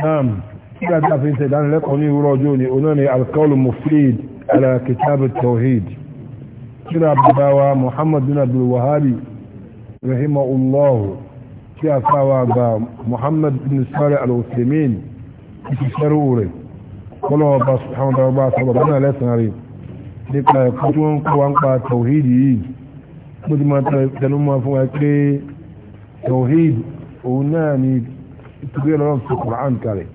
نعم بعد في سيدان لقوني وراجوني أناني القول المفيد على كتاب التوحيد كنا عبد محمد بن عبد الوهابي رحمه الله كي أفاوى محمد بن صالح الوسلمين في شروري قلوا الله سبحانه وتعالى صلى الله عليه وسلم nípa ẹ̀kọ́ tí wọ́n ń kọ́ wa ń pa tawhidi yìí mo ti máa tẹnu mọ́ fún wa pé tawhid òun náà ni ìtúgbé lọ́nà ti kùrán kalẹ̀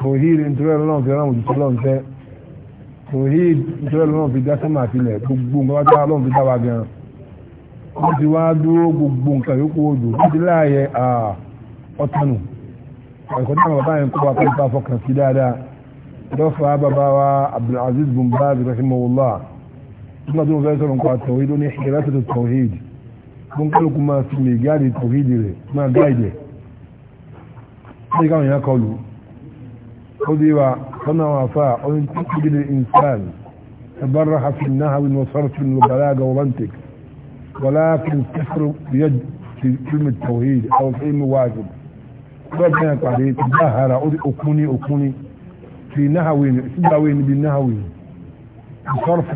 tòhíd ìtúgbé lọ́nà ti ránwó jùlọ lọ́nà tẹ́ tòhíd ìtúgbé lọ́nà fi dá sọ́mà sílẹ̀ gbogbo nǹkan wájú lọ́nà fi dá wa gan wọ́n ti wá dúró gbogbo nǹkan yókù odò títí láàyè ọ̀tánu ẹ̀kọ́ náà bàbá yẹn kó wa pé bá fọkàn sí dáadáa lọ́fà bàbá wa Abdulaziz bin Baz rahimahullah nígbà tó ń fẹ́ sọ̀rọ̀ nǹkan tòhíd ó ní ìrẹsì tòhíd fún kálukú máa fi lè gáàdì tòhíd rẹ̀ máa gáàdì rẹ̀ sai kawai ya kawo kudewa suna wafa wani cikin insan تبرح في النهو وصرف وبلاغة ومنطق ولكن كفر يد في علم التوحيد او في علم واجب ربنا قال تظاهر اكوني اكوني في نهو سباوين بالنهو وصرف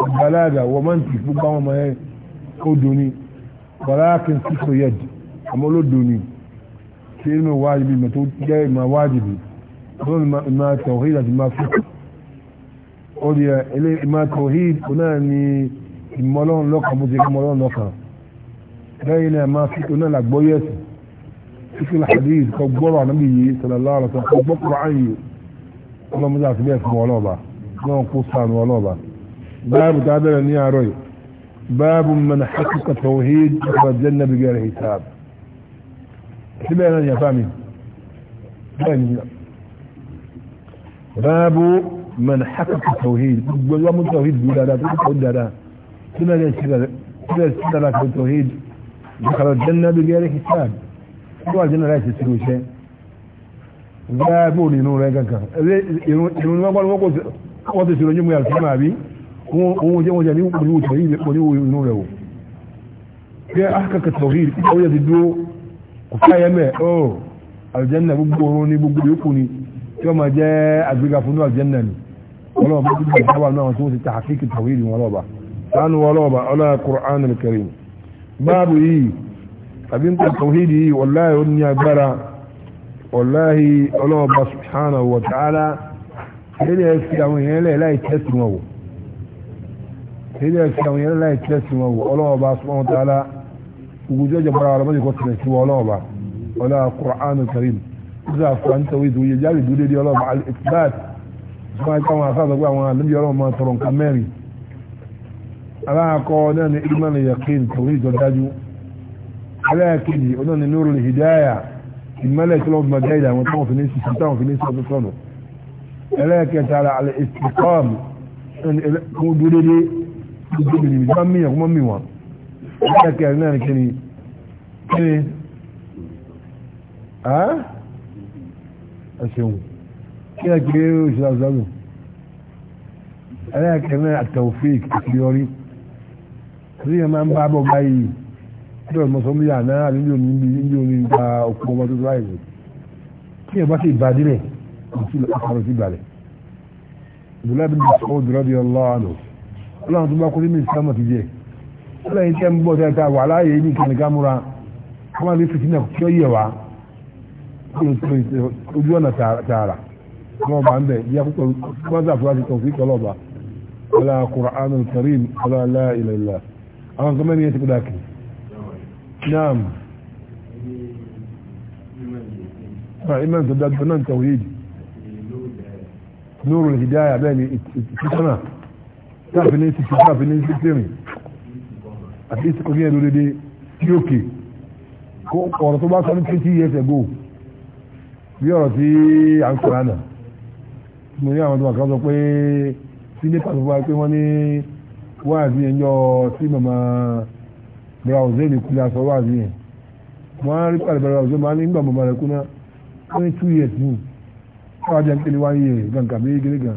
وبلاغة ومنطق بقوم كودوني ولكن كفر يد عملوا دوني tí inú wájibi mẹ́ tó jẹ́ ìmọ̀ wájibi lórí ìmọ̀ tawhid àti ìmọ̀ fíkà ó di ẹ̀ ilé ìmọ̀ tawhid kò náà ni ìmọ̀lọ́run lọ́kàn bó ti rí ìmọ̀lọ́run lọ́kàn lẹ́yìn náà máa fíkà náà làgbọ́yé ẹ̀sìn fíkà hadith kọ gbọ́rọ̀ ànábì yìí sallallahu alaihi wasallam kọ gbọ́ Qur'an yìí ọlọ́mọdé àti bẹ́ẹ̀ fún ọlọ́ọ̀bà náà kó sànù ọlọ́ọ̀bà báàbù tá a bẹ̀rẹ̀ ní àárọ̀ yìí báàbù mẹ́nà hakika tawhid ọ̀rọ̀ jẹ́ nàbìgẹ̀rẹ̀ hisab síbẹ̀ náà yẹn fámi bẹ́ẹ̀ ni báàbù mẹ́n hakaka tawhid gbogbo wa mú tawhid dúró dáadáa tó kọ́ dáadáa tí náà yẹ sílẹ̀ sílẹ̀ kọ́ tawhid dùkàlọ̀ jẹ́nà bí gẹ́rẹ́ hisab tó wà jẹ́nà láì ṣe sí oṣẹ́ báàbù nínú rẹ̀ kankan ìrún ni wọ́n gbọ́dọ̀ wọ́n ti ṣòro yín mú yàtọ̀ máa bí òun jẹ́ wọ́n jẹ́ ní oníwò tawhid oníwò inú rẹ̀ wò bí hakaka tawhid ó yẹ ti dúró kò fáyẹ mẹ́ ọ́ àlùjẹ́nà gbogbo orun ní gbogbo yòókù ni tí wọ́n máa jẹ́ àgbéga fún àlùjẹ́nà ni ọlọ́ọ̀bá gbogbo ìjábà náà tó ń ṣe tààkíkì tàwírì wọn lọ́ọ̀bá sánú ọlọ́ọ̀bá ọlọ́ọ̀ Qur'an al-Karim báàbù yìí àbí ń tàn tàwírì yìí wàláhì ó ní agbára wàláhì ọlọ́ọ̀bá subhanahu wa ta'ala ilé ẹ̀ fi àwọn èèyàn lẹ̀ láì tẹ́sí wọn wò ilé ẹ̀ fi àwọn èèyàn láì tẹ́sí wọn wò ọlọ́ọ̀bá subhanahu wa ta'ala وجوه جبرا على مدي قتل سوى الله ولا قرآن الكريم إذا قرآن تويد ويجاري دولي دي الله مع الإثبات ما كما أخذ أقوى ما لم يرى ما ترون كماري ألا قولان إيمان يقين توحيد والداجو ألا كدي أنني نور الهداية الملك لهم مجايدة وطنوا في نيسي سلطان في نيسي سلطان ألا كتعالى على الاستقام أن دولي دي دولي دي مجمع مية وممي وان ìkẹ́kẹ̀ẹ́ náà kí ni kí ni ẹ̀ṣẹ̀wò kí ẹ kí oṣù àzọ́nù ẹlẹ́ẹ̀kẹ́ náà àtẹ̀wòfíìk àtìyọrí tí ẹ máa ń bá bọ̀ báyìí tí ọ̀rọ̀ mọ̀sán yà náà níbi òní níbi òní nípa òkú ọmọ tó láìsí tí ẹ bá sì bá dílẹ̀ kò sí àkàrọ̀ sí balẹ̀ ìdúlẹ́bí ní ọdún rọ́bì ọlọ́ọ̀nù ọlọ́run tó bá kú nínú ìsìlámù ti jẹ́ lẹ́yìn tẹ́ ń bọ̀ tẹ́ta wà láàyè ní kìnnìkan múra wọ́n máa lè fi sínú ẹ̀kọ́ yẹ̀ wá ojú ọ̀nà tààrà wọ́n bá ń bẹ̀ yẹ kúkọ̀ wọ́n sà fúra ti tọ̀sí kọlọ̀ bá ọlá kùránù karim ọlá aláìlẹ̀lá àwọn kan mẹ́rin yẹn ti kúdà kì naam imam tó dájú náà tawhid nuru hidaya bẹ́ẹ̀ ni ìtìsánà táàfin ní ìtìsánà àti ìsìnkò ní ẹ̀rọ dédé tí ó kè kó ọ̀rọ̀ tó bá sọ ní twenty years ago bí ọ̀rọ̀ tí à ń kọ́ra nà mo ní àwọn tó wà kan sọ pé tí ní pàtó bá pé wọ́n ní wáàzí yẹn yọ sí màmá brazil kú lásọ wáàzí yẹn wọ́n á rí pàdé brazil máa ní gbàgbọ́ bàrẹ̀ kú náà wọ́n ní two years nù wọ́n á jẹ́ ń pè ní one year gan kàbí gẹ́gẹ́ gan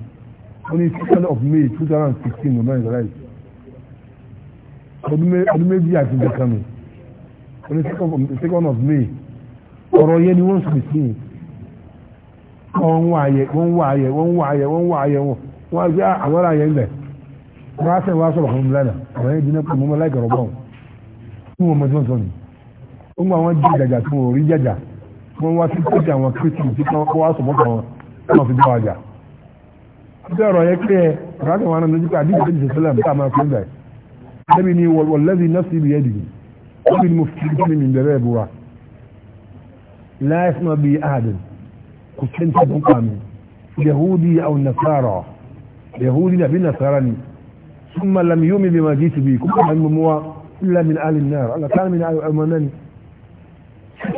wọ́n ní six hundred of may two thousand and sixteen ọ̀bẹ́ni sọ̀rọ̀ yìí ọdún méjì àti ìjọ on the second of may ọ̀rọ̀ yẹn ni wọ́n sì sí wọ́n wá ayẹ wọ́n wá ayẹ wọ́n wá ayẹ wọ́n wá ayẹ wọ́n á gbé ah, àwọn ará yẹn lẹ̀ wọ́n á sẹ́yìn wọ́n á sọ̀rọ̀ kan lẹ́nà àwọn yẹn jiná pẹ̀lú ọmọ láìkọ̀rọ̀ bọ̀ fún wọn mọ̀tí wọn ni ó ń gba jí jàjà tí wọn rí jàjà wọ́n wá sí pẹ́ẹ́tì àwọn kristian tí wọ́n wá sọ̀pọ̀ kan wọn fi bá wa jà. ọ̀rọ̀ yẹn pé ẹ̀ ẹbí ni wọ̀lẹ́bí nọ́ọ̀sì ibi ẹ̀dì ẹbí ni mo fi kí ni mi bẹ̀rẹ̀ ẹ̀bùra láìsí náà bí àádùn kò sẹ́ni tó ń pa mi yahudi àwọn nasara yahudi nàbí nasara ni súnmọ́ lami yóò mi bí máa jíìtì bí kó kọ́ àwọn mọ́wá illa min ali náà ala kan min ali ọmọdé ni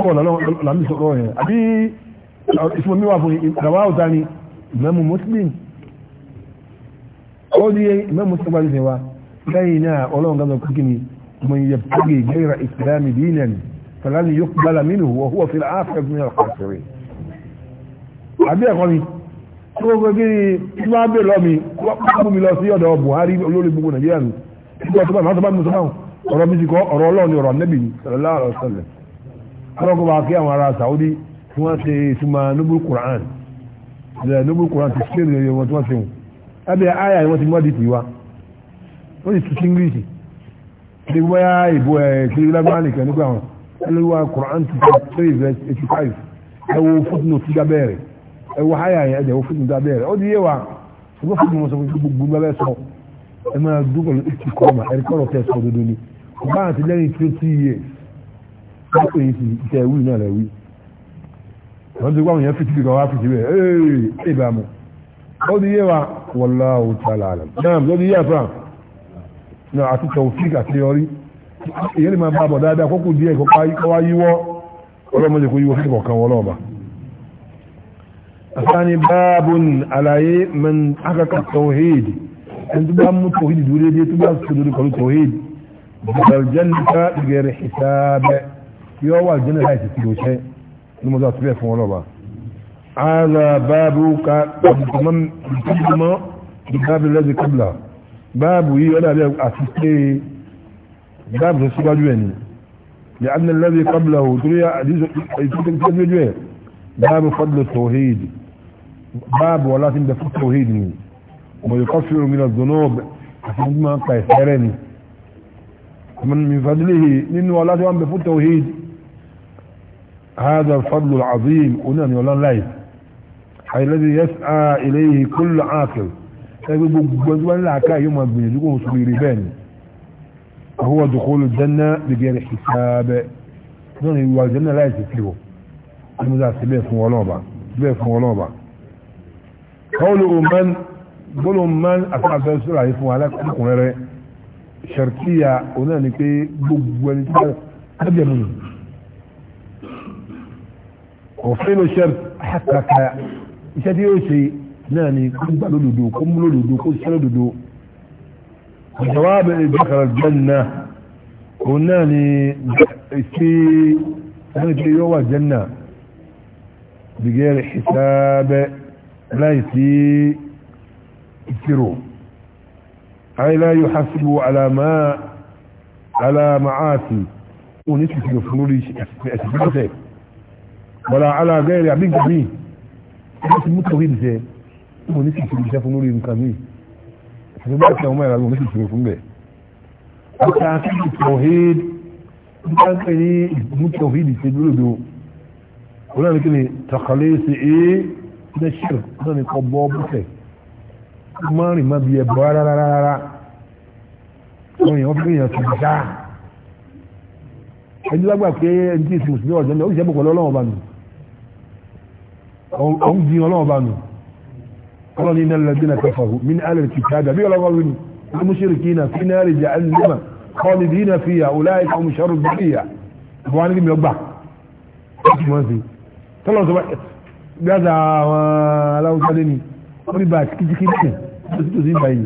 kọ́ làmì sọ̀rọ̀ yẹn àbí ìsúnmọ́ mi wà fún ìgbàwá ọ̀tá ni ìmọ̀ muslim ó di ìmọ̀ muslim wà ní sẹ́wàá lẹ́yìn náà ọlọ́run gbọ́dọ̀ kú kíni من يبتغي غير إسلام دينا فلن يقبل منه وهو في الآخرة من الخاسرين àbí ẹ̀kọ́ ni tí wọ́n fẹ́ kí ní máa bèèrè lọ́mi wọ́n mi lọ sí ọ̀dọ̀ Buhari olórí gbogbo Nàìjíríà nù nígbà tó bá máa tó bá mùsùlùmá ọ̀rọ̀ mi ti kọ́ ọ̀rọ̀ Ọlọ́run ọ̀rọ̀ nẹ́bì ní sọ̀rọ̀lá ọ̀rọ̀ sọ̀lẹ̀ ọlọ́kọ̀ bá kí àwọn ará Saudi tí wọ́n ṣe ìtumọ̀ nubul Quran nubul Quran ti ṣe ìrìnlẹ̀ wọn tí wọ́n ṣe wọn lábẹ́ àyà ni wọ́n ti mọ́ di tiwa wọ́n sì tutù english ní wáyà ìbò ẹ̀ kiri lágbára nìkan nígbà wọn ẹlẹ́wà quran tuntun three verse eighty five ẹ wo footnote ti dábẹ́rẹ̀ ẹ wo háyà yẹn ẹ̀dẹ̀ wo footnote dábẹ́rẹ̀ ó di yé wa ṣùgbọ́n footnote wọn sọ fún gbogbo gbogbo sọ ẹ máa dúpọ̀ ètò kọ́mà ẹ̀rí kọ́rọ̀ tẹ̀ sọ dodo ni ọba àti lẹ́yìn twenty years wọ́n pè é sí ìtẹ̀ wíì náà lẹ́wí wọ́n ti wáwọn yẹn fìtì bí kan wá fìtì bẹ́ẹ̀ ẹ̀ ẹ̀ ìbámu ó di yé wa wallahu ta'ala alam náà ó di yé àfà ní àti tọ̀wọ̀fíìk àti ọrí èyí lè máa bá bọ̀ dáadáa kókò díẹ̀ kọ́wá yíwọ́ ọlọ́mọdé kó yíwọ́ sí kọ̀ọ̀kan wọ́n lọ́ọ̀bà asani babun alaye man akaka tawhid ẹni tó bá mú tawhid dúró déédéé tó bá sọ lórí kọlu tawhid bàjẹ́nìká ìgẹ̀rẹ̀ ìsáábẹ́ yóò wà jẹ́nà láìsí tí ó ṣẹ́ ní mọ́tò àtúbẹ̀ báàbù yìí ọ̀dà bí àti pé báàbù tó síwájú ẹ̀ ni lè adìnà lẹ́bí kọ́bìlà hù torí àdìsọ́jú ẹ̀ báàbù fọ́dùlù tòhíd báàbù ọlá ti ń bẹ fún tòhíd ni mọ̀ yóò kọ́ fìrò mìíràn dùnú àti ní máa ń pa ẹ̀fẹ́ rẹ̀ ni mìfàdìlì nínú ọlá tí wọ́n bẹ fún tòhíd هذا الفضل العظيم ونعم الله الذي يسعى إليه كل عاقل ẹgbẹ́ gbogbo ẹgbẹ́ wọn làákà yóò máa gbìyànjú kó oṣù rere bẹ́ẹ̀ ni àwọn ọdọkọlù jẹ́nà bíbí ẹ̀rẹ̀ ìsàbẹ̀ náà ni ìwà jẹ́nà láì ti fi wọ̀ ẹni mo sì bẹ́ẹ̀ fún ọlọ́ọ̀bà bẹ́ẹ̀ fún ọlọ́ọ̀bà. kọ́ọ̀lù ọ̀mán gbọ́dọ̀ ọ̀mán àfẹ́fẹ́ sọ̀rọ̀ àyè fún alákùnrin rẹ̀ ṣàrtíyà òun náà ni pé gbogbo ẹni tí wọ́n bẹ̀ mú òfin ló ṣe àtàkà iṣẹ́ tí yóò ṣe náà ni kó gbà lódodo kó mú lódodo kó sẹ́ lódodo ìjọba abẹ́rẹ́ ìjọkàrà jẹ́nà òun náà ni ṣe ẹni pé yóò wà jẹ́nà bìgẹ́rẹ̀ ìṣàbẹ̀ láì sí ìṣirò àìlá yóò hasibu alàmà alàmà àti òun ní ṣìṣirò fún lórí ẹ̀sìn fẹ́ wọ́n alàgẹ́rẹ̀ àbígbàmí ẹ̀sìn mú tọ́wé nìṣẹ́ mo ní sìkìrì iṣẹ́ fún lórí nǹkan mi ìṣẹ́ bá tẹ̀ ọmọ ìrànlọ́ mo ní sìkìrì fún bẹ̀. ọ̀sán akéwì tọ̀híd nígbà pé ní ìmú tọ̀híd ṣe lódodo olóòrùn ní kíni tọ̀kọ̀lé ṣe é ní ṣírk náà ní kọ́ bọ́ bùkẹ̀ máa rìn má bí ẹ bọ́ rárá rárá wọ́n yàn fún yàn tìbí sáà ẹni lágbà pé ẹni tí ìsìn mùsùlùmí ọ̀jọ́ ní ó sì jẹ́ bùkọ̀ lọ́wọ́ bá nù ọ̀ di ọlọ́wọ́ bá nù قال إن الذين كفروا من أهل الكتاب بي الله المشركين في نار جهنم خالدين فيها أولئك هم شر البقية وأنا كم يبع ماشي تلو سبع جزا لو سالني قولي باك كي كي كي تسيب باي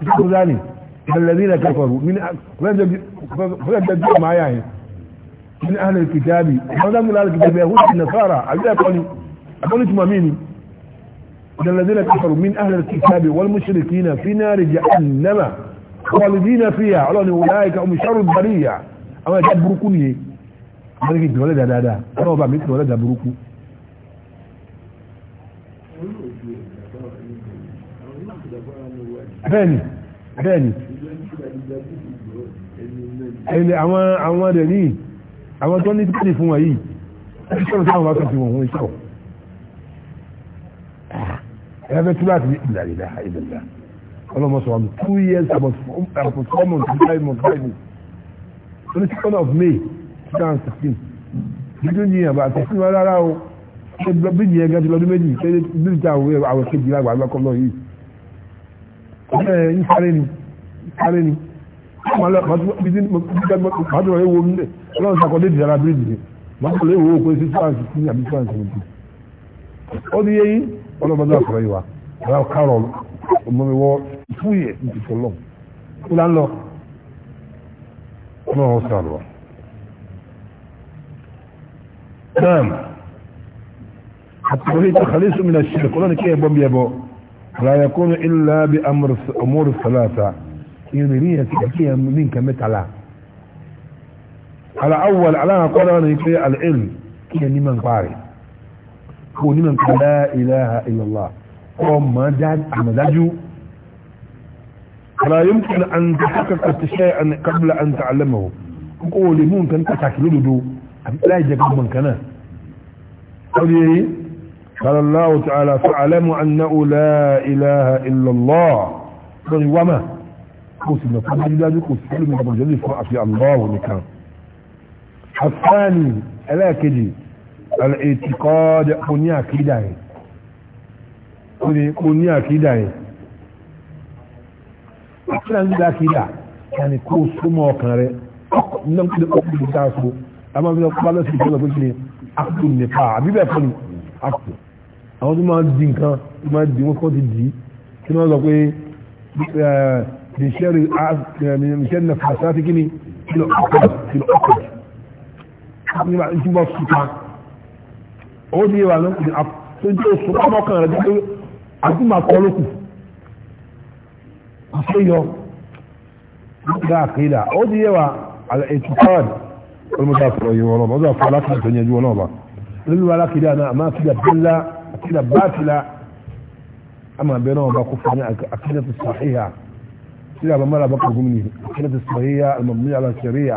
كتبوا الذين كفروا من فلد ما يعني من أهل الكتاب ما من أهل الكتاب يهود النصارى عبد الله قولي أقول إن الذين كفروا من أهل الكتاب والمشركين في نار جهنم خالدين فيها على أن أولئك هم شر البرية أما جاء بركوني أنا كنت ولا دا دا دا أنا أبا منك ولا دا bẹ́ẹ̀ni bẹ́ẹ̀ni ẹ̀lẹ̀ àwọn àwọn adẹ̀ ní àwọn tó ní pẹ́lẹ̀ fún wa yìí ẹ̀ṣọ́rọ̀ tí àwọn bá kàn sí wọn wọ́n ìṣọ́rọ̀ ẹ̀fẹ́ tí láti ìlà ìlà ìlà ọlọ́mọ sọ̀rọ̀ mi two years about four months five months five months twenty second of may two thousand sixteen dídú ní àbá àtẹ̀sìn wọn rárá o ṣe bíjì yẹn gan ti lọ́dún méjì ṣe bíjì ta àwọn àwọn kejì lágbà lọ́kọ̀ lọ yìí ọ̀sẹ̀ ń sáré ni sáré ni màá tó lọ ewo mi ọlọ́run sàkọ́dé ìdára bíjì ni màá tó lọ ewo òkú sí two thousand sixteen àbí two thousand seventeen ó ní yẹ yìí ọlọ́mọdé àfọ̀rọ̀ yìí wa ọ̀rọ̀ kárọ̀ ọmọ mi wọ fún yẹ ní fọlọ́ kúlá ń lọ ọlọ́run ó sàrọ̀ wa. naam àtìwọ́lé tó kàlẹ́ sómi náà ṣe kọ́lọ́ ní kí ẹ bọ́ bí ẹ bọ́ ràyà kónú ilà bí amúrú sàlàtà ìrìn yẹn ti kí ẹ ní nǹkan mẹ́ta la. ala awwal ala kọ́lọ́ ní pé al'ilm kí ẹ ní mọ̀ n pari kò ní nǹkan la ilaha illallah kọ́ mọ́ àmàdájú la yumkin an tahaqqaqa shay'an qabla an ta'lamahu kò lè mú nǹkan pàtàkì lódodo àbí láì jẹ́ gbogbo nǹkan náà قال الله تعالى فاعلموا انه لا اله الا الله الثاني الا al-i'tiqad kò ní àkídà yẹn kò ní àkídà yẹn àkídà ní àkídà yàní kó súnmọ́ ọkàn rẹ nígbàkúndé ọkùnrin ní ká so àmọ́ fi ọkọ̀ balẹ̀ sí ìjọba pé kí ni akutu nípa àbí bẹ́ẹ̀ fọ́ ni akutu àwọn tó máa di nǹkan tó máa di wọn kọ́ ti dì í tí wọ́n sọ pé nìṣẹ́ nàfàṣà ti kí ni kí lọ ọkọ̀ kí lọ ọkọ̀ nígbà tí wọ́n bá sùn kan ó di wà lókùn àtúntò sùpọ̀ mọ́kàn rẹ̀ dídó àtúmọ̀kọ́ lókùn àṣeyọ nígbà àkìlà ó di wà ètò káàdì olùmọ̀tà fọ̀rọ̀ yìí wọ́n lọ́ba ó dà fọ́ alákìlà tó yẹjú wọn lọ́ba lóluwà alákìlà náà àmà àkìlà bílá àkìlà bátìlà àmà bẹ́ẹ̀ náà bá kó fún àkìlà tó sàhíhà sílẹ̀ àmà mọ́ra bákan gómìnì àkìlà tó sàhíhà àmàmúyà aláṣẹríyà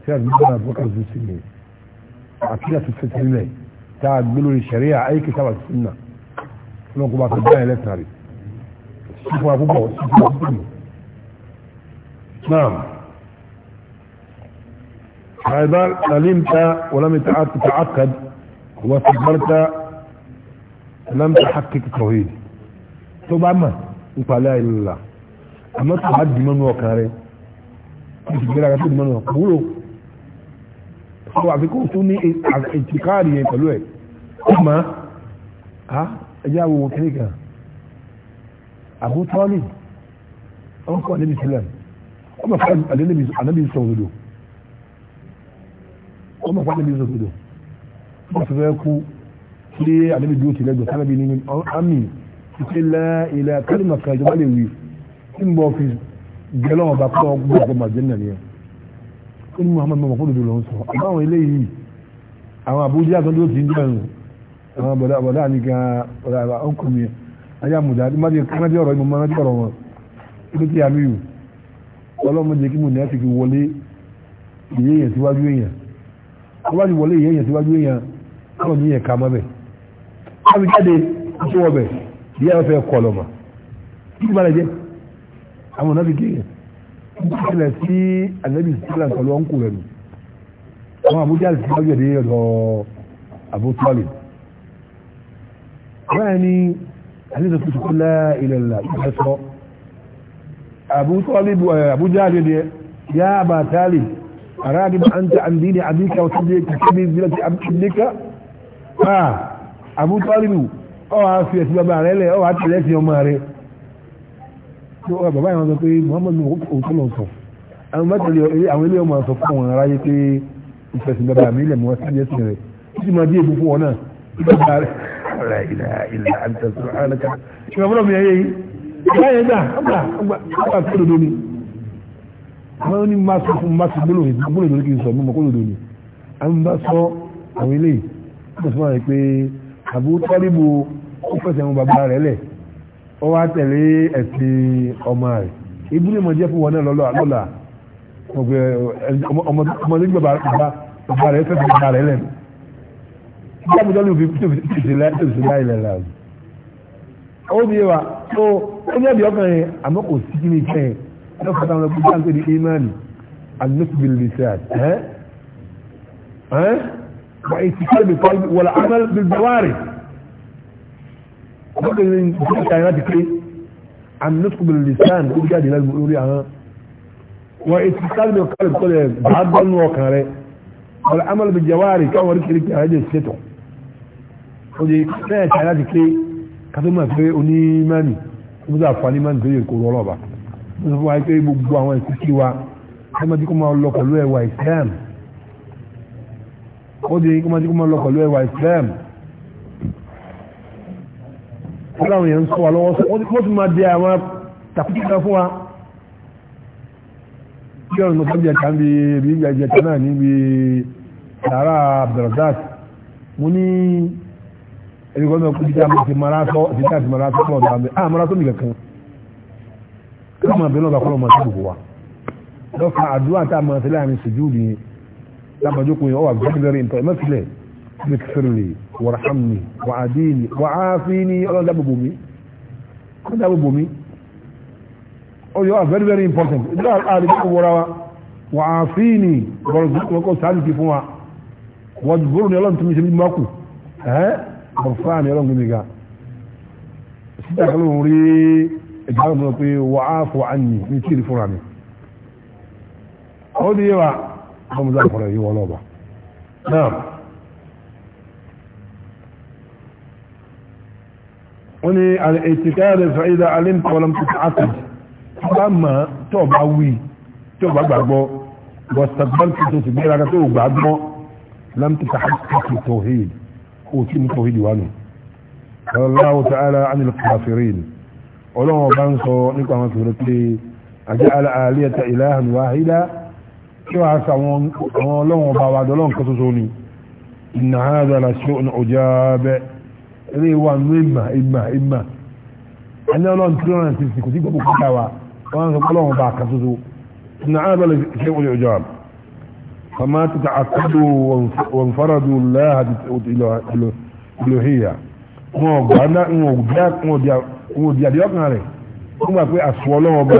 sílẹ̀ àmà bákan gómìnì àkìlà tó fẹ́ tá a gbé lórí sẹ̀ríà ayé kìtàbà sí nà lọ́n kó bá fi báyìí lẹ́sàn rí sífún àpúpọ̀ sífún àpúpọ̀ náà فإذا علمت ولم تتعقد واستكبرت لم تحقق التوحيد طبعا ما انت لا اله الا الله اما تحدي من وكاره انت بلا قد من وكاره ọ wà fíkún tún ní ìtìkáàrí yẹn pẹ̀lú ẹ̀ ọmọ ẹjẹ́ àwòwò kìrìkà àbútọ́lì ọkọ̀ níbi sílẹ̀ ọmọ fún ànábì sọ̀rọ̀dọ̀ ọmọ fún ànábì sọ̀rọ̀dọ̀ ọmọ fún fẹ́ kú sí ànábì dúró ti lẹ́gbẹ̀ẹ́ sábàbí ní àmì ìpínlẹ̀ ilẹ̀ kálímà kan ìjọba lè wí tí ń bọ̀ fi gẹ́lọ́ ọba kọ́ gbọ́ àgbọ̀ màjẹ́ nàìjíríà kí muhammad mọ̀mọ́ fúdùdù ló ń sọ àbáwọn eléyìí àwọn àbújá tó dúró ti ń dúró ẹ̀rùn àwọn bọ̀dá bọ̀dá ní gan ọ̀rọ̀ àbá ọkùn mi ayé àmùdá mádé kánádé ọ̀rọ̀ ìmọ̀ mádé ọ̀rọ̀ wọn ibi tí a lù yù ọlọ́mọdé kí mo ní àti fi wọlé ìyé yẹn síwájú èèyàn wọ́n bá ti wọlé ìyé yẹn síwájú èèyàn káwọn ní yẹn ká mọ́ bẹ̀ káwọn jáde tó wọ bẹ̀ ìyá wọn ìṣẹ̀lẹ̀ sí anabi sílẹ̀ pẹ̀lú ọ̀nkù rẹ̀ nù àwọn àbújá ti wájú ẹ̀dẹ́ ọ̀dọ̀ àbótọ́lì báyìí ni àlejò tó tukú lá ilẹ̀ là ìfẹ́ sọ àbótọ́lì àbújá àdédé yá àbá tálì àràdì bá ń ta àndínì àbíkà wọ́n ti dé kàkébí ìbílẹ̀ ti àbíkà àbótọ́lì ọ̀ wá fi bàbá rẹ̀ lẹ̀ ọ̀ wá ọmọ rẹ̀ tí wọ́n bàbá ìwọ̀n sọ pé muhammad ní òkú lọ sọ àwọn mẹ́tẹ̀lẹ̀ àwọn ilé ọmọ sọ fún àwọn aráyé pé ìfẹ̀sìn bàbá mi ilẹ̀ mọ́ síbi ẹ̀sìn rẹ̀ títí máa dí èbú fún wọn náà bàbá rẹ̀ ilẹ̀ ilẹ̀ àtẹ̀sọ̀ àrẹ̀ká ìwọ̀n mọ́nà mi ẹ̀yẹ báyẹ̀ gbà ọgbà ọgbà tó dodo ni wọ́n ní má sọ fún má sọ gbólóhìn gbólóhìn lórí kì í sọ mọ́ kó dodo ni àwọn bá sọ àwọn ilé yìí wọ́n sọ fún àwọn pé àbúrò tọ́líbo ó fẹsẹ̀ wọn bàbá rẹ̀ lẹ̀ ó wá tẹ̀lé ẹ̀sìn ọmọ rẹ̀ ibi ni mo jẹ́ fún wọn náà lọ́lọ́ àlọ́là ọmọ nígbà bàbá rẹ̀ fẹ́ bàbá rẹ̀ lẹ́nu bí a bùdọ́ ní òfin tó fi ṣe láì lẹ́la ó ní wa tó ó ní ẹ̀bí ọkàn yẹn àmọ́ kò sí kí ni kẹ́ ẹ̀ ẹ̀rọ fata wọn kúta ní imani al-nusbil lisan ẹ̀ ẹ̀ wà ìsìkẹ́ bi qalbi wal amal bil jawari ọ̀pọ̀lọpọ̀ ní ìfúnta yẹn láti pé àmìnàtúkùbìlì lìsàn ó jáde lẹ́nu lórí àwọn wọn ètò sáàbì ọ̀kàlù kọlẹ̀ bá gbọ́nù ọkàn rẹ ọ̀là amọ̀lẹ̀ bìí jẹwàárì káwọn oríkèrí pé àrẹ́jẹ̀ ṣètò ó di sẹ́yìn ṣe láti pé kátólmà pé onímọ̀nì ó bí àfààní mọ̀nì tó yẹ kó rọ ọlọ́ba ó sọ fún ọlọ́run yẹn ń kọ́ wa lọ́wọ́ sí wọ́n ti máa di àwọn tàkùtà fún wa tí ọ̀rọ̀ nǹkan bí ẹ̀ka ń níbi sàárà abdulrasaq mo ní ẹni kan kú títí àmì ti mara sọ títí àti mara sọ fún ọ̀dọ̀ àmì àmì mara sọ mi kankan kí wọ́n máa bẹ̀rẹ̀ náà bá kọ́lọ́ wa lọ́fà àdúrà tá a máa tẹ́lẹ̀ àmì sùjú nìyẹn lábàjókòó yẹn ọ wà اغفر لي وارحمني وعاديني وعافيني ọlọ́run dábò bò mí ọlọ́run dábò bò mí oh you are very very important ìdílé àdìgbò wọra wa wàáfíìnì ọkọ̀ sáàdìkì fún wa wọ́dùbúrú ni ọlọ́run tó mi ṣe bí mọ́kù ẹ́ ọ̀fáàni ọlọ́run tó mi ga síta kan lóun rí ìdáhùn mọ́ pé wàáfù ànyì ní tí ìrì fúnra mi ó ní yé wa ọmọdé àfọ̀rọ̀ yìí wọ́n lọ́ba náà وني على اعتقاد فإذا علمت ولم تتعقد أما توبة وي توبة بعبو واستقبلت تسبيل على توبة بعبو لم تتحقق في التوحيد وتم توحيد وانو قال الله تعالى عن الكافرين ولو بانسو نقوم في أجعل آلية إلها واحدا شو عسى ولو باواد ولو كسسوني إن هذا لشؤن عجاب eré wa nù ìmà ìmà ìmà ẹni ọlọ́run tí lọ́rùn ti sìnkú sí gbogbo kíkà wa wọ́n sọ pé ọlọ́run bá kà soso ní àbẹ̀lẹ̀ ṣe wọlé ọjọ́ àmì fama ti ta akadu wọn wọn wọn wọn di pé ọlọ́run ọba ni ọlọ́run ọba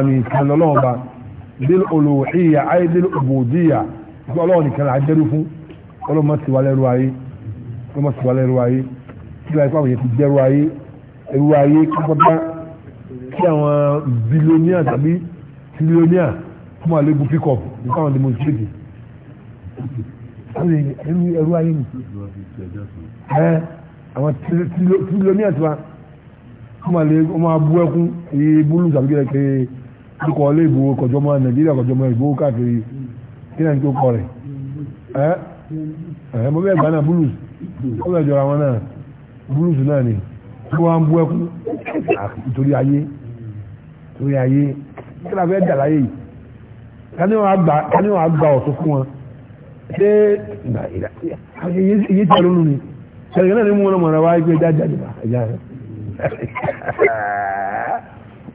ayé ọlọ́run nìkan fún ọlọ́run lẹ́rú ayé ọlọ́run kí wáyé fáwọn yẹn ti dẹrù ayé ẹrù ayé kápọ́tà kí àwọn bilionia tàbí trilionia kó máa lé bu pick up ní káwọn demonstrate ẹrù ẹrù ayé mi ẹ àwọn trilionia tí wa kó máa lé kó máa bu ẹkún iye bólú tàbí kí ẹ kẹ kíkọ ilé ìbò kọjọ mọ nàìjíríà kọjọ mọ ìbò káàkiri kí náà ní tó kọ rẹ ẹ ẹ mo bẹ gbà búlù ó wọn náà búrúsù náà ni tó wá ń bú ẹkú nítorí ayé nítorí ayé kí la fẹ́ dà láyé yìí kání wọn àgbà ọ̀tún fún wọn ṣé iye tí a lónìí ni ṣẹlẹ̀ náà ni mo lọ́mọ rẹ̀ wá ẹgbẹ́ ẹja jáde bá ẹja rẹ̀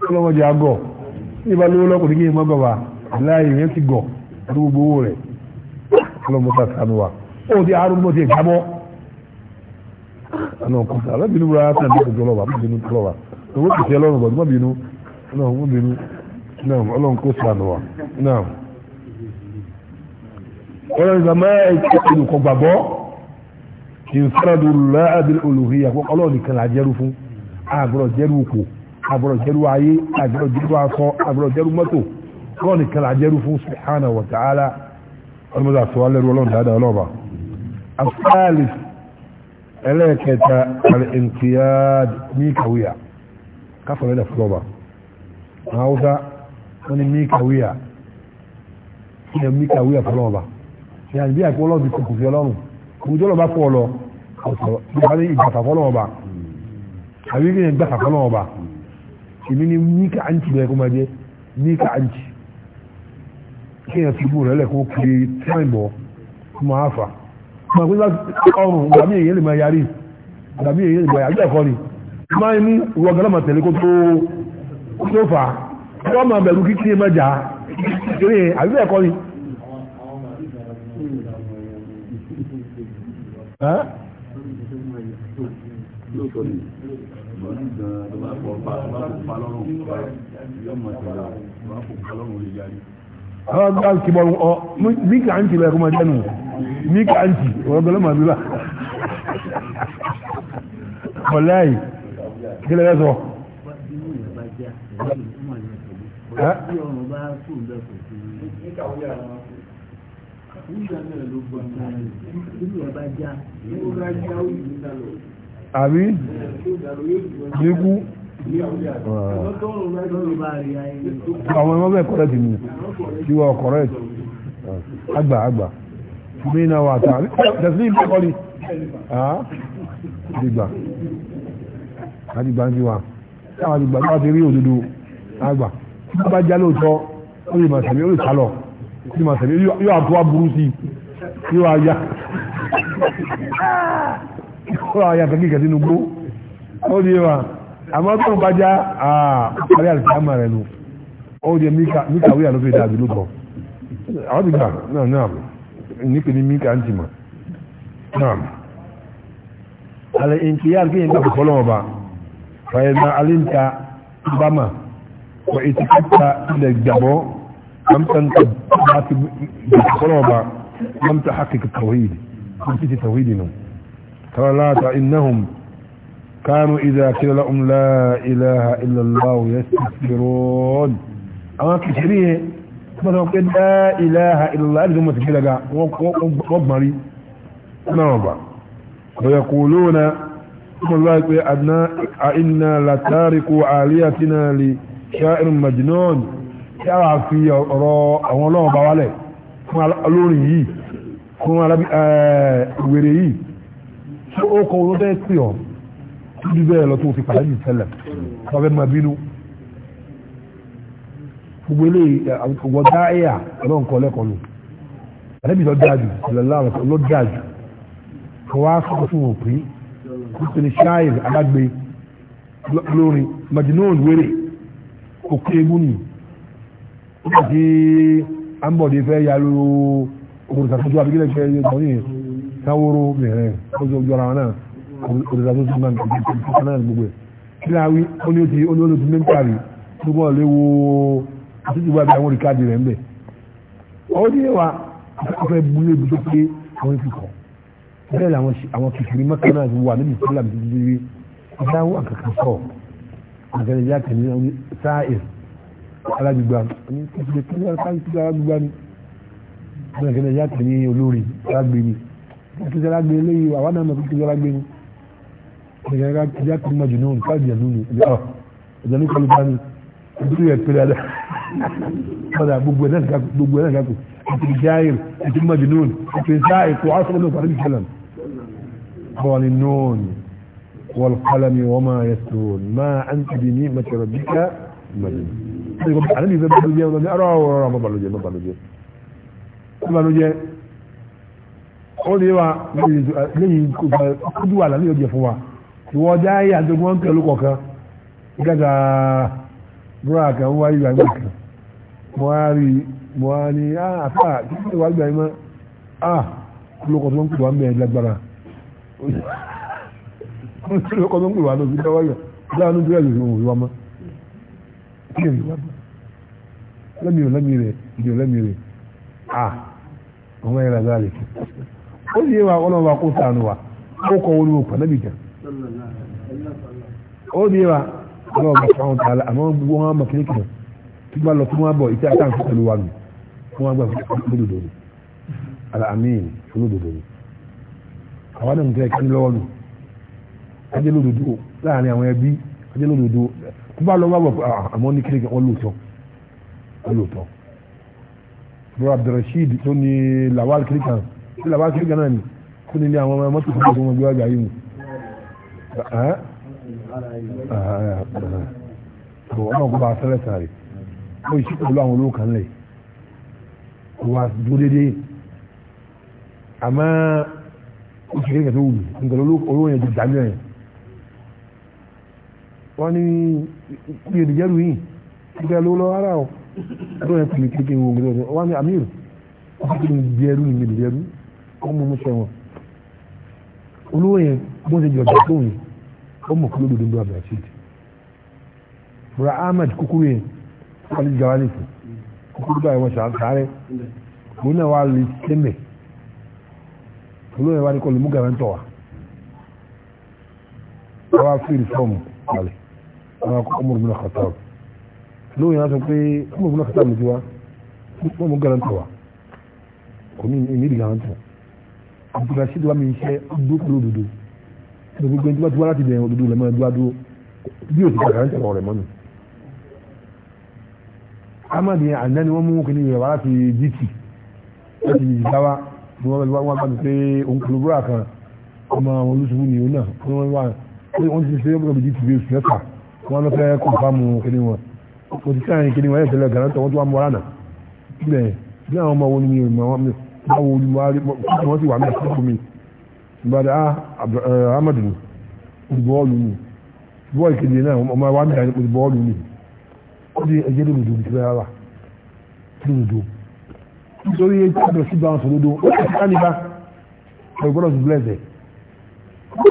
ọlọ́mọdé agọ̀ ní ìbá lówó lọ́kùnrin kí n mọ́ gọ̀ wá láàyè yẹn ti gọ̀ àti gbogbo owó rẹ̀ ọlọ́mọdé àtàánú wa ó ti arúgbó ti gbàbọ́ ana ko ala binu wa ta bi jolo wa binu jolo wa to wo ti lo no ba binu na wo binu na olon ko sa no wa na olon za ma e ti ko gbàgbọ́ infradu la bil uluhiyya ko olon ni kan ajeru fún agboro jeru ko agboro jeru ayé agboro jeru aso agboro jeru mọ́tò olon ni kan ajeru fún subhanahu wa ta'ala olon za so wa le olon da da ba الثالث ẹlẹ́ẹ̀kẹta al'intiyad mikawiya káfàwé da flọba na hausa wani mikawiya sí ẹ mikawiya flọba ṣe àbí àti wọ́n lọ́dún kòkòrò ọlọ́run kòkòrò ọlọ́ba fọ́ ọ lọ ọ̀sọ̀ ìgbàlẹ̀ ìgbàfàfọ́lọ́ọba àbí kí ni ìgbàfàfọ́lọ́ọba ìmí ni mika àǹtí bẹ́ẹ̀ kó máa jẹ́ mika àǹtí kí ni àti ìbú rẹ̀ lẹ́kọ̀ọ́ kiri tíwáìbọ̀ kó máa mọ̀ pé ọrùn gbàbí èyí lè mọ yarí gbàbí èyí lè mọ yarí ẹ̀kọ́ ni máa ní ìwọ gẹlẹ́mọ̀ tẹ̀lé kó tó fà á wọ́n máa bẹ̀rù kíkí mẹ́jà eré àbí ẹ̀kọ́ ni. Lóòótọ́ ni, àwọn ah, gbá kìbọ̀ ọ míkà ń tìlẹ̀ kó máa jẹ́nu o ń tì ọ̀rọ̀ gbọ́dọ̀ máa bíbá ọ̀láì kílẹ̀ rẹ sọ. àbí dínkù àwọn ọmọ bẹ́ẹ̀ kọ́rẹ́tì ni tí wọ́n kọ́rẹ́tì àgbà àgbà mi náà wà tá tẹ̀sí ìlú ẹ̀kọ́ ni àdìgbà àdìgbà ń tiwa táwọn àdìgbà tó bá ti rí òdodo àgbà tí wọ́n bá já lóòótọ́ ó lè máa tẹ̀lé ó lè sálọ̀ ó lè máa tẹ̀lé yóò àtúwá burú sí yóò àyà yóò àyà kẹ́kẹ́ kẹ́kẹ́ sínú gbó ó lè wà àmọ́ tó ń bá já àpárí àlùfáàmà rẹ̀ nù ó di mika wíyà ló fi dà bí lókọ̀ àwọn ti gbà náà náà nípe ní mika ń ti mọ̀ náà alẹ́ ìkìyà kí n dàpọ̀ fọlọ́wọ́ bá fàyẹ̀ na alẹ́ǹta bámà wọ ètò kíkà ilẹ̀ gbàbọ́ amtanta bá ti dàpọ̀ fọlọ́wọ́ bá amta hakika tawhid kò sí ti tawhid nù kàrọ̀ láta كانوا إذا قيل لهم لا إله إلا الله يستكبرون أما كثيرية مثلا قد لا إله إلا الله أرجو ما تقول لك رب مري نعم ويقولون ثم الله يقول أدنا أئنا لتاركوا عاليتنا لشاعر مجنون يرى في راء والله بوالي كما ألوني كما ألوني ويري سوء قولوا ده يتقيهم tó bí bẹ́ẹ̀ lọ tó fi pàdánù tẹ́lẹ̀ wọ́n fẹ́ máa bínú gbogbo ilé ọgbọ́n dá ẹ̀yà ọlọ́run kọ́ lẹ́kọ̀ọ́ lò àlẹ́bí lọ dáàjù ọ̀lọ́láàrọ̀ kọ́ lọ dáàjù kọ́ wá sọ fún wọn pé kúkú ni ṣáàyè alágbe lórí majinon wéré òkè egun nì nígbà tí ambọ̀dé fẹ́ ya lóru òkùnrin sàkóso àbíkílẹ̀ fẹ́ yẹ gbọ́n yẹn sáwóró mẹ́rẹ̀ kó jọra wọn náà olùdàdójú náà ní ìdíje ìfúnpá náà gbogbo ẹ̀ kí náà wí ó ní ó ti olóòlù ti mẹ́ńtà rí gbogbo ọ̀lẹ́ wo àtúntò wà bí àwọn olùkádì rẹ̀ ń bẹ̀ ó ní wa afẹ́ múlé ibi tó pé àwọn ti kọ̀ bẹ́ẹ̀ làwọn àwọn kìkìrì mẹ́ta náà ti wà níbi ìfúnlá mi ti rí ìdáwó àkàkà sọ̀ àgbẹ̀rẹ̀ yá kẹ̀mí sáà ẹ̀ alágbègbè ní ìpínlẹ̀ kí wọ́n ká ìpínlẹ̀ alágbègbè ní ìpínlẹ̀ kí wọ́n yá kẹ̀mí olórí alágbègbè ní ìpínlẹ̀ alágbègbè lẹ́yìn àwọn náà mọ̀ pé ìpínlẹ̀ alágbègbè ní ẹ̀yà ẹ̀yà kò mọ jù náà káàdì ẹ̀lú ni ah, ẹ̀jẹ̀ ní kọlu bá ní ojú rẹ̀ pẹ̀lú ẹ̀dá padà gbogbo ẹ̀dá nìkan gbogbo ẹ̀dá nìkan والقلم وما يسرون ما أنت بنعمة ربك مجنون أنا اللي زبط الجيم أنا أرى وأرى ما بلو ما بلو جيم ما بلو جيم ó lè wa lẹ́yìn ìwọ ọjà ayé àdógún ọ̀nkẹ́ ló kọ̀ọ̀kan gẹ́gà búra kan wá ìgbà ìgbà kan mo á rí mo á ní ah, àfà kí ló wá ìgbà yìí mọ́ à ah, lóko tó ń pè wá mẹ́rin lágbára lóko tó ń pè wá lóbi lọ́wọ́ yọ láàánú bí ẹ̀lú ìwọ̀n ìwọ̀n mọ́ kí ẹ̀lú ìwọ̀n mọ́ lẹ́mi ò lẹ́mi rẹ̀ ìdí ò lẹ́mi rẹ̀ à ah, ọmọ yẹn lágbára rẹ̀ ó sì yẹ wa ọlọ́run wa kó sànù wa ó kọ́ wọn ní òkú ànábìjà ó di wa ọlọ́wọ́ bá fún àwọn tààlà àmọ́ gbogbo wọn mọ̀ kékeré kan tí wọ́n lọ fún wọn bọ̀ ìtẹ́ àtàkùn pẹ̀lú wa nù fún wọn gbà olódodo ni alamin olódodo ni àwọn náà ń tẹ́ ẹ̀ka ní lọ́wọ́ nù ajé lódodo láàrin àwọn ẹbí ajé lódodo tí wọ́n lọ wọ́n bọ̀ ah, àmọ́ ní kékeré kan wọ́n lóòótọ́ wọ́n lóòótọ́ bro abdulrasheed tó ní lawal ní ní àwọn ọmọ ọ̀nà ọ̀gbọ́n àṣẹlẹ̀ sàrè ó yìí ṣíkò lọ àwọn olóòkà ńlẹ̀ wà dúró dédé àmọ́ ó ṣe kéèké tó wù nǹkan olóòkà yẹn ti dàmí ọ̀yẹn wọ́n ní kúrò ìdíjẹ́ rú yìí kíkẹ́ ló lọ ara ọ̀ lóyè kùnì kéèké wo nǹkan tó wọ́n ní amir ó sì kí ni ìdíjẹ́rú ni ìdíjẹ́rú ó mú mú sẹ́wọ̀n olóòyè bó ṣe jọ̀jọ̀ tó ọmọ kúló dodo ndo abirachid bura ahmed kúkúrú yẹn wàlí gawalí fún kúkúrú báyìí wọn sàárẹ wọn náà wà lè sẹmẹ olóyè wa ni kò lè mú gàrántọ wa wọn á fìrì fọọmù kalẹ̀ wọn á kọ ọmọ òmìnira kàtàwọ lóyè wọn sọ pé ọmọ òmìnira kàtàwọ lójú wa wọn mú gàrántọ wa kò ní wa mi ń ṣe ọdún kúló lórí gbé gbé láti bẹ̀rẹ̀ òdodo lẹ̀ mọ́ ẹgbẹ́ dúró bí o ti kàkà ń tẹ̀lé ọ̀rẹ́ mọ́nu. amadi àná ni wọ́n mú kí ni ìrẹ̀wá láti gt láti ìdáwà ni wọ́n wá bá mi pé òun kò lóbúrà kan ọmọ àwọn olùsùnwó ni òun náà wọ́n wá wọ́n ti ṣe ọmọ gt bí oṣù mẹ́fà wọ́n lọ fẹ́ kó bá mu kí ni wọn kò ti sẹ́yìn kí ni wọ́n yẹ tẹ́lẹ̀ gàrán náà bí ìbàdàn ah, eh, ahmadu ni olùbọ́ọ̀lù ni bọ́ọ̀lù kejì náà ọmọ wa ń darí olùbọ́ọ̀lù ni ó di ẹjẹ́ lè lòdò bìtìlẹ̀ ara kí lòdò nítorí ẹjẹ́ àbẹ̀ sí bá wọn sọ lódò ó ti kánifa ọ̀rọ̀ gbọ́dọ̀ ti bílẹ̀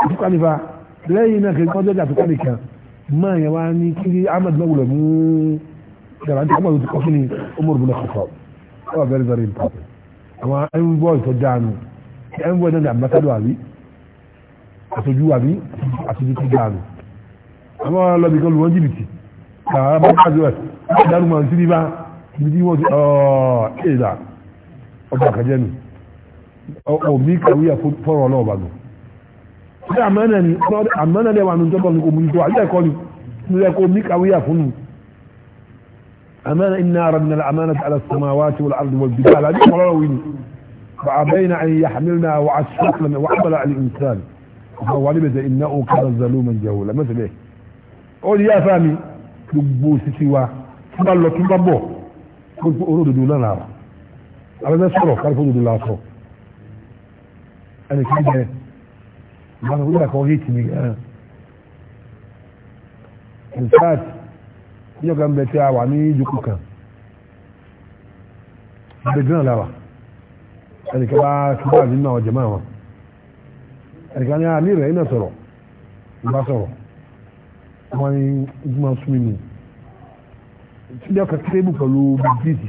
ó ti kánifa lẹ́yìn náà kejì kọ́jọ́jà tó kánika máa yẹn wá ní kí ahmadu náà wulẹ̀ mú yàrá ní ahmadu ti kọ́ kí ni ó mọ̀ rògbòdà kọ̀ọ̀kọ̀ ó wà very very important àwọn ẹni bọ́ọ̀lù tó dáa nù everybody náà ni ambassador àbí àtòjú àbí àtòjú tó dáa nù àmọ́ lọ́bì kan lù wọ́n jìbìtì àwọn bá kájú ẹ̀ wọ́n dánú màá sí bá jìbìtì wọ́n ti ọ̀ọ́ èèdà ọba àkàjẹ́ nù ọ̀mí kàwé fọ́rọ̀ ọlọ́ọ̀bà nù ṣé àmọ́nà lẹ́wà nù tọ́bọ̀ ní omi tó àjẹ́ ẹ̀kọ́ ni ní ẹ̀kọ́ omi kàwé àfún nù àmọ́nà iná ara فأبين أن يحملنا وأشفقنا وحمل على الإنسان فوالبت إنه كان ظلوما جهولا مثل إيه قول يا فامي gbogbo sisi wa tí bá lọ tí bá bọ̀ kó tó olódodo lánàá wa alẹ́ sọ̀rọ̀ kárí fódodo la sọ ẹnì kí jẹ ìbára wọlé àkọ́ hétì mi gan in fact níjọ́ kan bẹ tí a wà ní ìjókòó kan bẹ̀rẹ̀ náà la wà ẹnìkan bá kí bá àdínú àwọn jẹ̀mọ́ àwọn ẹnìkan ní àní rẹ̀ iná sọ̀rọ̀ ìbá sọ̀rọ̀ wọ́n ní ìgbìmọ̀ súnmi mi sílẹ̀ ọkà kérébù pẹ̀lú bíbíìtì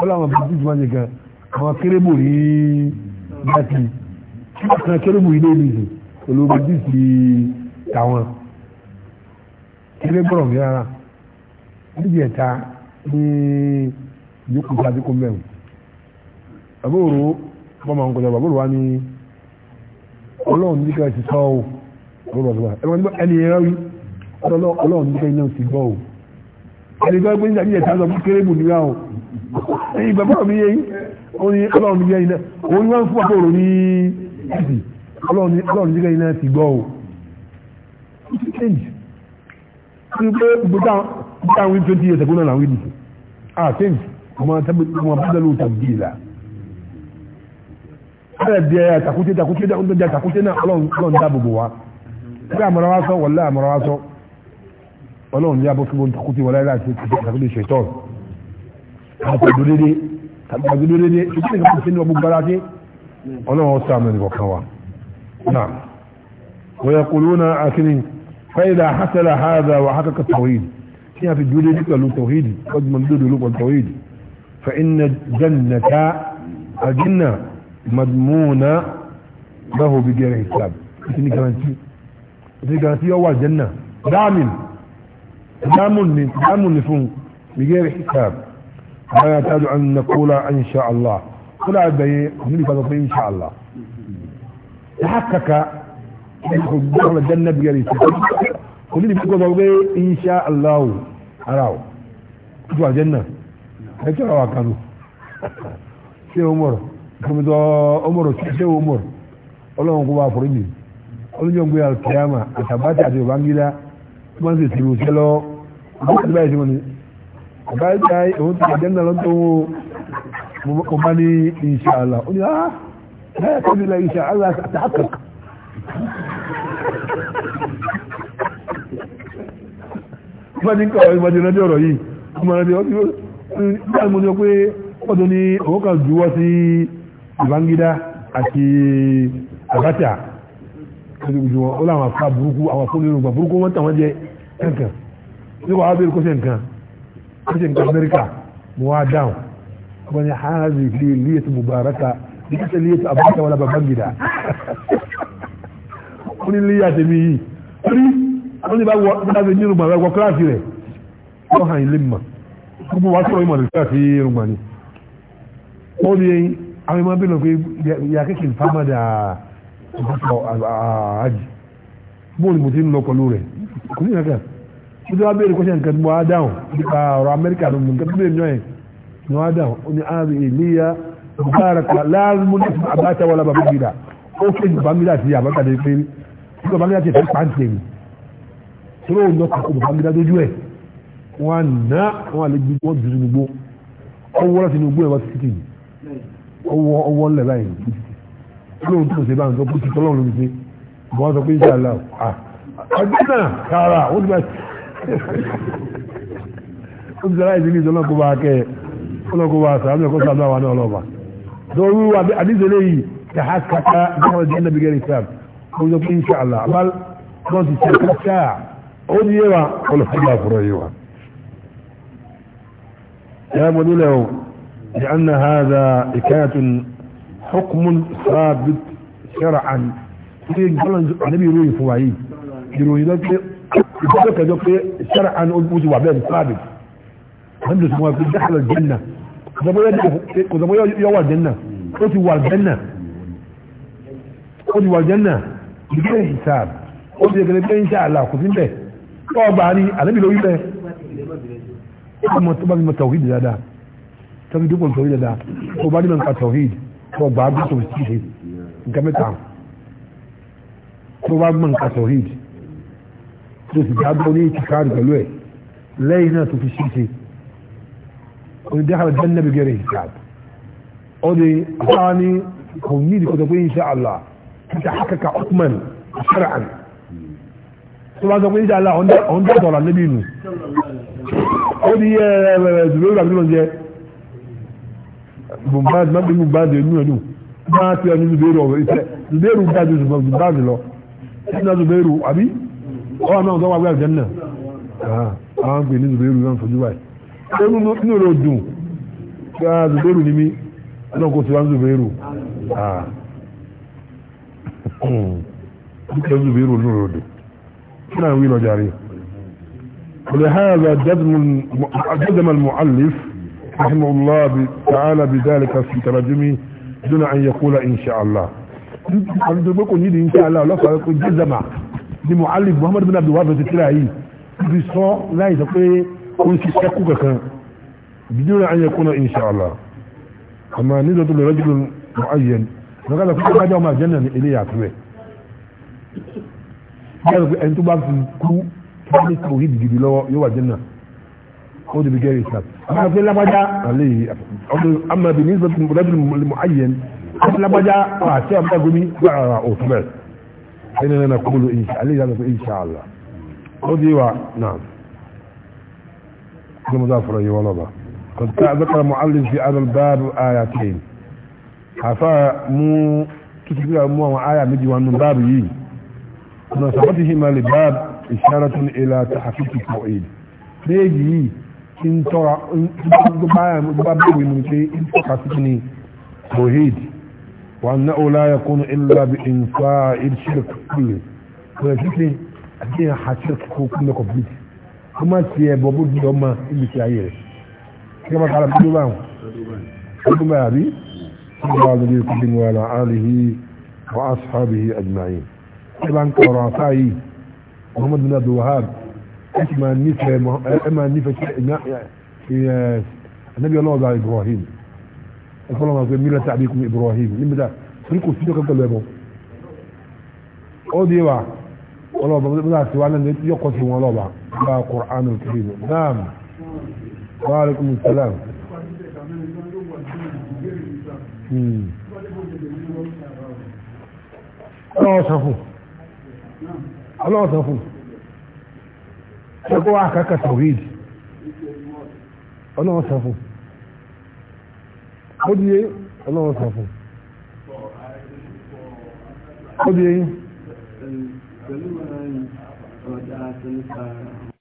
ó láwọn bíbíìtì máa ń yẹ gan àwọn kérébù rí láti kí wọ́n kan kérébù ilé mi jù pẹ̀lú bíbíìtì tàwọn kérébù rọ̀ mi rárá níbi ẹ̀ta ní jókòó sí adíkó mẹ́rin àbúrò wọn máa ń àbúrò wa ní ọlọ́run ní ká ti sọ ọ́ àbúrò wa sọ wa ẹni ẹ̀rọ rí ọlọ́run ní ká iná ti gbọ́ ọ́ ẹni tó gbé nígbà níyẹn tààzọ kéré bù níyà ọ́ ẹ̀yin bàbá mi yẹ yín ó ní ọlọ́run ní ká òun wá ń fún àbúrò ní ẹ̀sìn ọlọ́run ní ká iná ti gbọ́ ọ́ ṣe pé gbogbo àwọn twenty years change وما بدلوا تبديلا ala biya ya takuti takuti da unda takuti na olon olon da bubuwa ga marawa so wallahi marawa so olon ya bo kibon takuti wala la ti takuti shaitan ha ko durede ta ba durede shi ne ko sin wa bugarati olon o sa men ko kawa na'am wa yaquluna akini fa idha hasala hadha wa hakaka tawhid ya fi durede ko lu tawhid qad man dudu lu tawhid فإن الجنة الجنة مضمونة له بغير حساب إتني جرانتي إتني جرانتي هو الجنة دامن دامن دامن فون بغير حساب لا يحتاج أن نقول إن شاء الله قل عبي أمني فضل إن شاء الله تحقق دخل الجنة بغير حساب قل لي بقول إن شاء الله أراه تدخل الجنة lẹ́kítọ́rà wa kanu ṣé Umar kàmìtọ́ Umar ṣé Umar ọlọ́run kó bá fọ́rí mi olùjọ́ gbé alkiyama àtàbátì àti òbángídá tó máa ń ṣe tìlù tẹ́ lọ ọdún tó báyìí sí wọn ni àbáyé ta òun ti àjẹ́ ńlá lọ́tọ́ wo mo bá ní inṣàlá ó ní á láyé tó ní la inṣàlá àtàkàkà wọ́n ti ń kọ́ ọ̀rọ̀ ìmọ̀jẹ̀ náà ọ̀rọ̀ yìí ọmọ náà dé ọ̀rọ̀ báyìí mo ní ọ pé ọdún ní owó kan juwọ́ sí ìbángídá àti àbáṣà juwọ́ ó láwọn afá burúkú àwọn afọ́ nínú ìgbà burúkú wọ́n tàwọn jẹ kankan ní wàá bẹ̀rẹ̀ kọ́sẹ̀ nǹkan kọ́sẹ̀ nǹkan amẹ́ríkà mo wá dáhùn wọ́n ní hàázi lè liyẹ̀tì mubaraka liyẹ̀tì liyẹ̀tì àbáṣà wọlé babangida ó ní liyẹ̀tì mi yìí ó ní bá wọ́n ní bá wọ́n kíláàsì rẹ̀ wọ́n hàn ilé mi mọ̀ gbogbo wa sọ̀rọ̀ ìmọ̀ nìkan àti irungba ni ó ní àwọn ìmọ̀ bẹ́ẹ̀ lọ pé ya kéèké fámádà ìbùsọ̀ àjì bóòlù mo ti ń lọ pẹ̀lú rẹ̀ kò ní ìrẹ́kà ó ti wá béèrè kọ́ṣẹ́ nǹkan mo á dáhùn nípa ọ̀rọ̀ amẹ́ríkà ló mú nǹkan tó béèrè yẹn ni wọ́n á dáhùn ó ní àárín ìléyà mubaraka láàrín mo ní àbáta wọlé bàbá mi rà ó kéjì bàbá mi rà sí àbáta lè pé bàbá mi rà ti fẹ́ pàǹtì wọ́n á nà wọ́n á lè gbé wọ́n jùlọ nígbó ọwọ́ láti nígbó ẹ̀ wá títì ọwọ́ ọwọ́ ńlẹ̀ báyìí lóhun tó ṣe báyìí tó kú sí tọ́lọ́run ló fi ṣe bọ́n sọ pé ìṣe àlá àgbẹ̀nà tààrà ó ti bá ó ti sara ìdílé ìṣọ́nà kó bá a kẹ́ ẹ̀ ọ̀nà kó bá a sàánú ẹ̀kọ́ sàánú àwọn náà lọ́ba lórí wíwá àdíṣe léyìí kà á kàkà dáhùn jẹ́ nàbí gẹ́rẹ́ islam ó sọ pé ìṣe àlá àbá lọ́sì ṣe kàkà ó ní yé wa ọlọ́fẹ́ يا مدلو لأن هذا إكاية حكم ثابت شرعا النبي يروي فوائي يروي ذلك يقولك ذلك شرعا أبوز وعبان ثابت الحمد لله في دخل الجنة وذا يوى الجنة قلت هو الجنة قلت هو الجنة بغير حساب قلت يقول إن شاء الله قلت به طبعا النبي لو يبه ọmọ tó bá mi mọ tawhid dáadáa tọ́bi dúpọ̀ nítorí dáadáa tó bá nímọ̀ nípa tawhid tó gbà á bí tó sì ṣe nǹkan mẹ́ta tó bá mọ̀ nípa tawhid tó sì dáadọ́ ní ìtìkáàrì pẹ̀lú ẹ̀ lẹ́yìn náà tó fi ṣe ṣe òní dáhàrà jẹ́ nẹ́bí gẹ̀rẹ́ ìṣàb ó di àtàwọn ní kò ní ìdí kọjọ pé insha Allah títà hakaka Uthman shar'an tó bá sọ pé insha Allah ọ̀hún dá dọ̀là níbi nù ó ní ẹ̀ẹ́dẹ̀rẹ̀ ìdúró àbí ló ń jẹ bùbáàdì má bí bùbáàdì inú ẹ̀dùn máa ti ẹni zubairu ọ̀rọ̀ ìfẹ́ zubairu bá ju ṣùgbọ́n bùbáàdì lọ ẹ̀dá zubairu àbí ọ̀ náà tó wà wí àjẹ́ náà ah, àwọn ń pè ní zubairu náà fojú wáyé ó nínú rẹ̀ dùn pé ah, zubairu ni mí náà kò sí wá zubairu ah. hmm. dúkìá zubairu nínú rẹ̀ dùn kí náà ń wí lọ jàre. ولهذا جزم جزم المؤلف رحمه الله تعالى بذلك في ترجمه دون أن يقول إن شاء الله بكون يدي إن شاء الله لا فيكون جزم لمؤلف محمد بن عبد الوهاب التلاهي بصو لا يتقي كل شيء كان بدون أن يكون إن شاء الله أما ندة الرجل معين فقال كل حاجة وما جنن إليه يعتبه قال أنتم بقى bá ní kò hídì gidi lọ́wọ́ yóò wà jẹ́nà ó dìbí gẹ́rẹ́ ìsàp àwọn akẹ́ lágbájá àlẹ́ yìí ọdún amábì ní ìsọ̀tún mọ̀lẹ́bí mọ̀lẹ́mọ̀ ayẹn lágbájá àti àbúgbàgbómi gbàrà òtún bẹ́ẹ̀ ẹni nana kúlò ìṣà àlẹ́ yìí àti ìṣà àlà ó di wa náà kí mo dáa fọ̀rọ̀ yìí wọ́n lọ́ba قد ذكر معلم في هذا الباب آياتين عفا مو تتبع مو آية مجي وأن باب يي نصفتهما لباب إشارة إلى تحقيق التوحيد ليجي إن ترى إن تحققني توحيد وأنه لا يكون إلا بإنفاء الشرك كله ويجيكي أديها حشرك كله كبيت كما سيبابو دوما إلي سيعير كما تعالى بدوبان بدوبان أبي صلى الله عليه وسلم وعلى آله وأصحابه أجمعين طبعا كورا صحيح muhammad bin abdul wahab ẹ sì máa nífẹ̀ẹ́ ẹ máa nífẹ̀ẹ́ anabi ọlọ́wọ́ bá ibrahim ẹ fọlọ́ máa pẹ́ mílẹ̀ tàbí kún ibrahim níbi dá torí kò sí ọkọ̀ pẹ̀lú ẹbọ ó di wa ọlọ́wọ́ bá bá ti wá náà yọkọ̀ sí wọn ọlọ́wọ́ bá qur'an al-karim naam wa alaykum salaam. Hmm. ọlọ́wọ́ sọ fún ọlọ́ọ̀sán fún ṣe kó wá àkàkà tawhid ọlọ́ọ̀sán fún ó di yé ọlọ́ọ̀sán fún ó di yé. pẹ̀lú